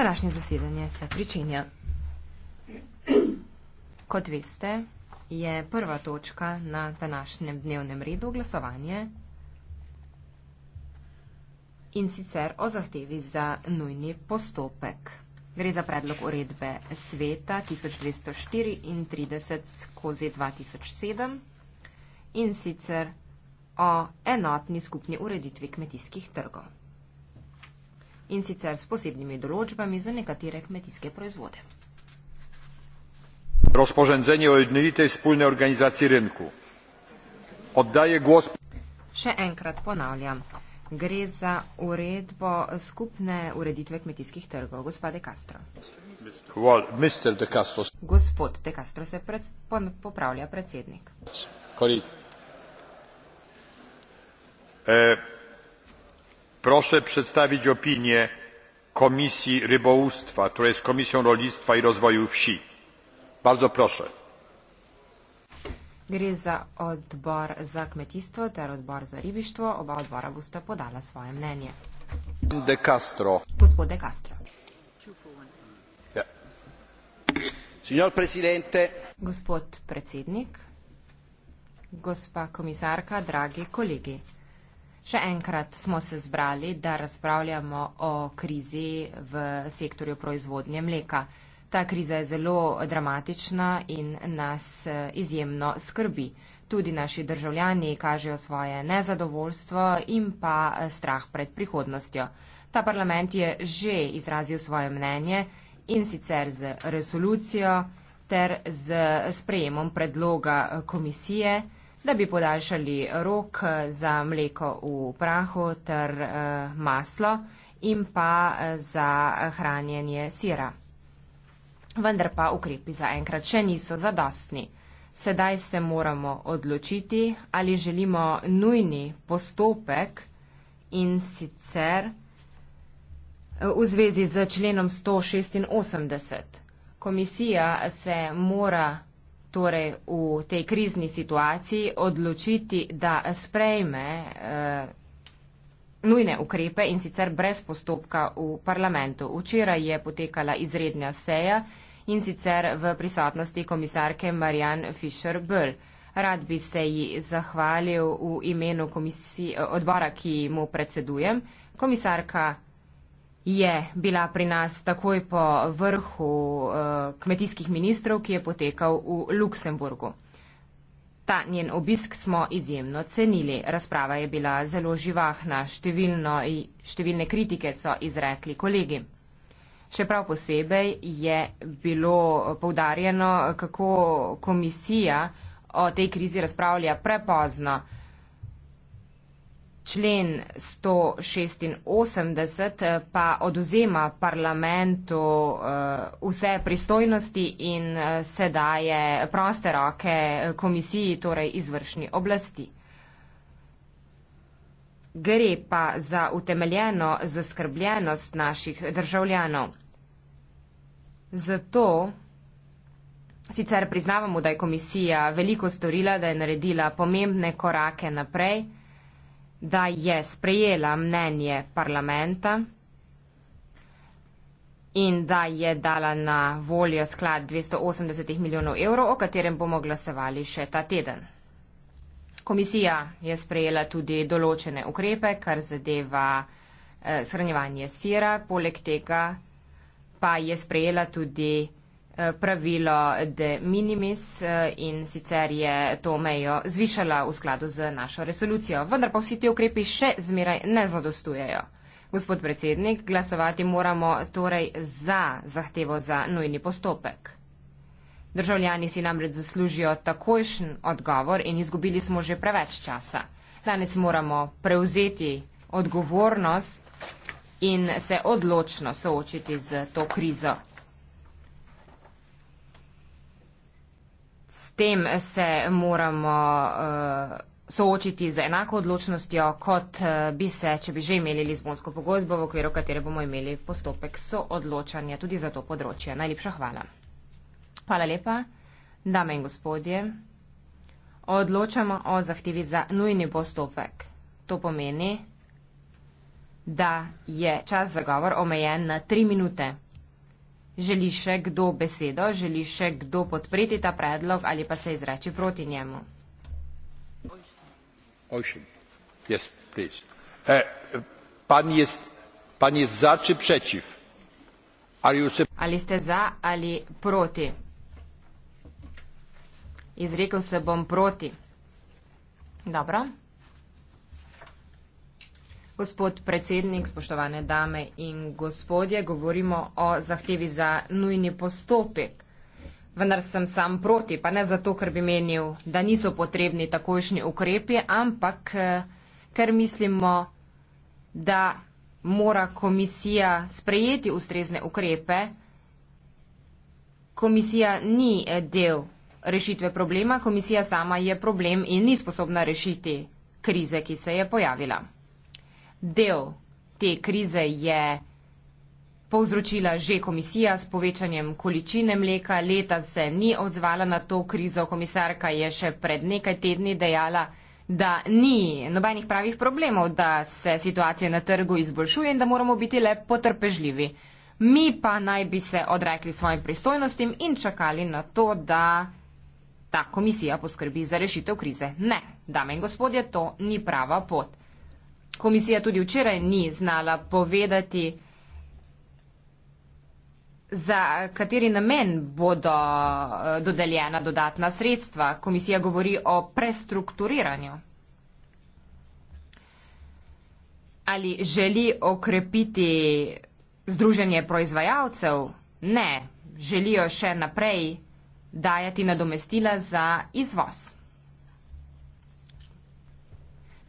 Današnje zasedanje se pričenja. Kot veste, je prva točka na današnjem dnevnem redu glasovanje in sicer o zahtevi za nujni postopek. Gre za predlog uredbe sveta 1234 skozi 2007 in sicer o enotni skupni ureditvi kmetijskih trgov in sicer s posebnimi določbami za nekatere kmetijske proizvode. Razporedzenje o jednolitej spolni organizaciji rinku. Oddaje glas. Še enkrat ponavljam. Gre za uredbo skupne ureditve kmetijskih trgov. Gospa De Castro. Well, Mr. De Castro. Gospod De Castro se pred, pon, popravlja predsednik. Korik. Eh, proszę przedstawić opinię komisji rybołówstwa która jest komisją rolnictwa i rozwoju wsi bardzo proszę Gre za odbor za kmetijstvo ter odbor za ribištvo. Oba odbora boste podala svoje mnenje. De Castro. Gospod De Castro. Ja. Signor presidente. Gospod predsednik, gospa komisarka, dragi kolegi. Še enkrat smo se zbrali, da razpravljamo o krizi v sektorju proizvodnje mleka. Ta kriza je zelo dramatična in nas eh, izjemno skrbi. Tudi naši državljani kažejo svoje nezadovoljstvo in pa eh, strah pred prihodnostjo. Ta parlament je že izrazil svoje mnenje in sicer z resolucijo ter z sprejemom predloga eh, komisije, da bi podaljšali rok za mleko v prahu ter eh, maslo in pa eh, za hranjenje sira. Vendar pa ukrepi zaenkrat še niso zadostni. Sedaj se moramo odločiti, ali želimo nujni postopek in sicer eh, v zvezi z členom 186. Komisija se mora torej v tej krizni situaciji odločiti, da sprejme eh, nujne ukrepe in sicer brez postopka v parlamentu. Včeraj je potekala izredna seja in sicer v prisotnosti komisarke Marjan Fischer-Böll. Rad bi se ji zahvalil v imenu odbora, ki mu predsedujem. Komisarka je bila pri nas takoj po vrhu eh, kmetijskih ministrov, ki je potekal v Luksemburgu. Ta njen obisk smo izjemno cenili. Razprava je bila zelo živahna, številno, številne kritike so izrekli kolegi. Še prav posebej je bilo poudarjeno, kako komisija o tej krizi razpravlja prepozno člen 186 eh, pa oduzema parlamentu eh, vse pristojnosti in eh, se daje proste roke komisiji, torej izvršni oblasti. Gre pa za utemeljeno zaskrbljenost naših državljanov. Zato sicer priznavamo, da je komisija veliko storila, da je naredila pomembne korake naprej, da je sprejela mnenje parlamenta in da je dala na voljo sklad 280 milijonov evrov, o katerem bomo glasovali še ta teden. Komisija je sprejela tudi določene ukrepe, kar zadeva eh, shranjevanje sira, poleg tega pa je sprejela tudi Eh, pravilo de minimis eh, in sicer je to mejo zvišala v skladu z našo resolucijo. Vendar pa vsi ti ukrepi še zmeraj ne zadostujejo. Gospod predsednik, glasovati moramo torej za zahtevo za nujni postopek. Državljani si namreč zaslužijo takojšen odgovor in izgubili smo že preveč časa. Danes moramo prevzeti odgovornost in se odločno soočiti z to krizo. tem se moramo uh, soočiti z enako odločnostjo, kot eh, bi se, če bi že imeli Lizbonsko pogodbo, v okviru katere bomo imeli postopek soodločanja tudi za to področje. Najlepša hvala. Hvala lepa, dame in gospodje. Odločamo o zahtevi za nujni postopek. To pomeni, da je čas za govor omejen na tri minute. Želi še kdo besedo, želi še kdo podpreti ta predlog ali pa se izreči proti njemu? Osem. Jaz, yes, e, pan, pan je za, če prečiv. Ali, vse... ali ste za ali proti? Izrekel se bom proti. Dobro. Gospod predsednik, spoštovane dame in gospodje, govorimo o zahtevi za nujni postopek. Vendar sem sam proti, pa ne zato, ker bi menil, da niso potrebni takošnji ukrepi, ampak eh, ker mislimo, da mora komisija sprejeti ustrezne ukrepe. Komisija ni eh, del rešitve problema, komisija sama je problem in ni sposobna rešiti krize, ki se je pojavila del te krize je povzročila že komisija s povečanjem količine mleka. Leta se ni odzvala na to krizo. Komisarka je še pred nekaj tedni dejala, da ni nobenih pravih problemov, da se situacija na trgu izboljšuje in da moramo biti le potrpežljivi. Mi pa naj bi se odrekli svojim pristojnostim in čakali na to, da ta komisija poskrbi za rešitev krize. Ne, dame in gospodje, to ni prava pot. Komisija tudi včeraj ni znala povedati, za kateri namen bodo eh, dodeljena dodatna sredstva. Komisija govori o prestrukturiranju. Ali želi okrepiti združenje proizvajalcev? Ne, želijo še naprej dajati nadomestila za izvoz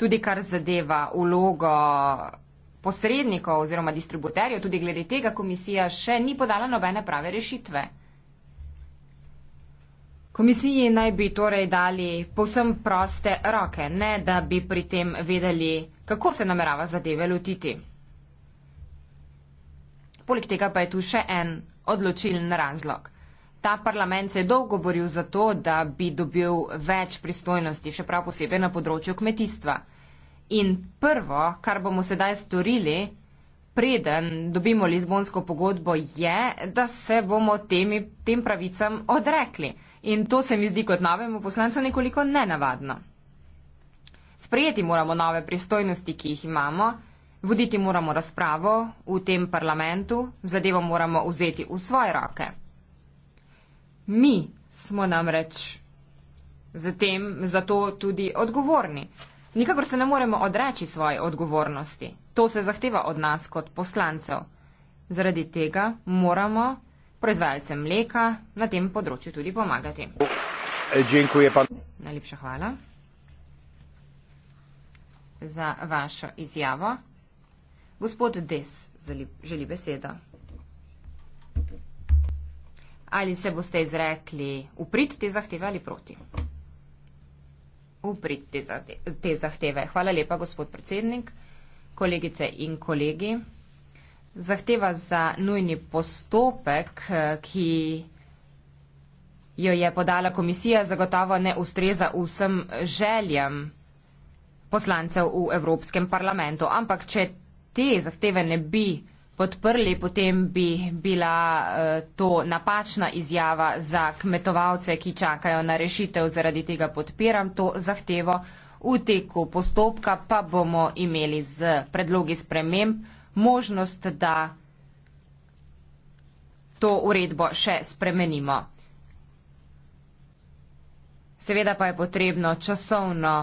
tudi kar zadeva vlogo posrednikov oziroma distributerjev, tudi glede tega komisija še ni podala nobene prave rešitve. Komisiji naj bi torej dali povsem proste roke, ne da bi pri tem vedeli, kako se namerava zadeve lotiti. Poleg tega pa je tu še en odločilen razlog. Ta parlament se je dolgo boril za to, da bi dobil več pristojnosti, še prav posebej na področju kmetijstva. In prvo, kar bomo sedaj storili, preden dobimo Lizbonsko pogodbo, je, da se bomo temi, tem pravicam odrekli. In to se mi zdi kot novemu poslancu nekoliko nenavadno. Sprejeti moramo nove pristojnosti, ki jih imamo, voditi moramo razpravo v tem parlamentu, zadevo moramo vzeti v svoje roke. Mi smo namreč za, tem, za to tudi odgovorni. Nikakor se ne moremo odreči svoje odgovornosti. To se zahteva od nas kot poslancev. Zaradi tega moramo proizvajalcem mleka na tem področju tudi pomagati. Najlepša hvala za vašo izjavo. Gospod Des želi besedo ali se boste izrekli uprit te zahteve ali proti. Uprit te, za, te zahteve. Hvala lepa, gospod predsednik, kolegice in kolegi. Zahteva za nujni postopek, ki jo je podala komisija, zagotovo ne ustreza vsem željam poslancev v Evropskem parlamentu. Ampak, če te zahteve ne bi podprli, potem bi bila eh, to napačna izjava za kmetovalce, ki čakajo na rešitev. Zaradi tega podpiram to zahtevo. V teku postopka pa bomo imeli z predlogi sprememb možnost, da to uredbo še spremenimo. Seveda pa je potrebno časovno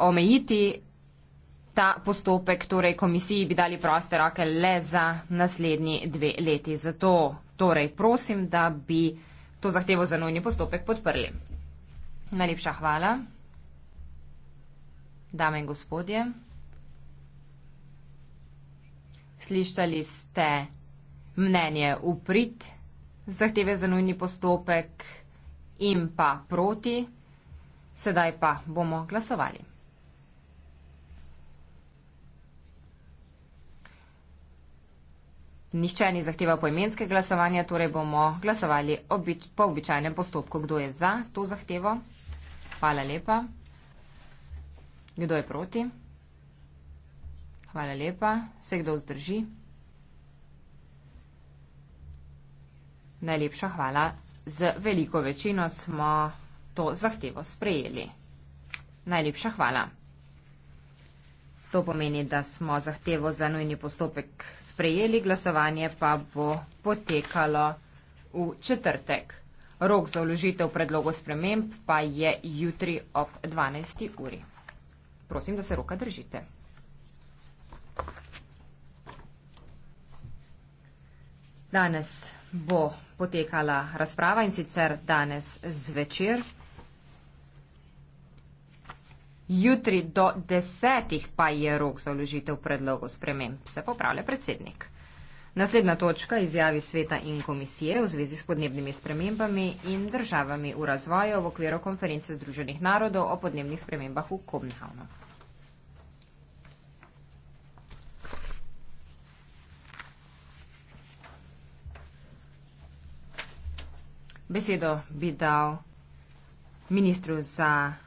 omejiti ta postopek, torej komisiji bi dali proste roke le za naslednji dve leti. Zato torej prosim, da bi to zahtevo za nujni postopek podprli. Najlepša hvala. Dame in gospodje, slišali ste mnenje v prid zahteve za nujni postopek in pa proti. Sedaj pa bomo glasovali. Nihče ni zahteval poimenske glasovanja, torej bomo glasovali obič, po običajnem postopku. Kdo je za to zahtevo? Hvala lepa. Kdo je proti? Hvala lepa. Se kdo vzdrži? Najlepša hvala. Z veliko večino smo to zahtevo sprejeli. Najlepša hvala. To pomeni, da smo zahtevo za nujni postopek sprejeli, glasovanje pa bo potekalo v četrtek. Rok za vložitev predlogov sprememb pa je jutri ob 12. uri. Prosim, da se roka držite. Danes bo potekala razprava in sicer danes zvečer Jutri do desetih pa je rok za vložitev predlogov sprememb, se popravlja predsednik. Naslednja točka izjavi sveta in komisije v zvezi s podnebnimi spremembami in državami v razvoju v okviru konference Združenih narodov o podnebnih spremembah v Kobnhavnu. Besedo bi dal ministru za.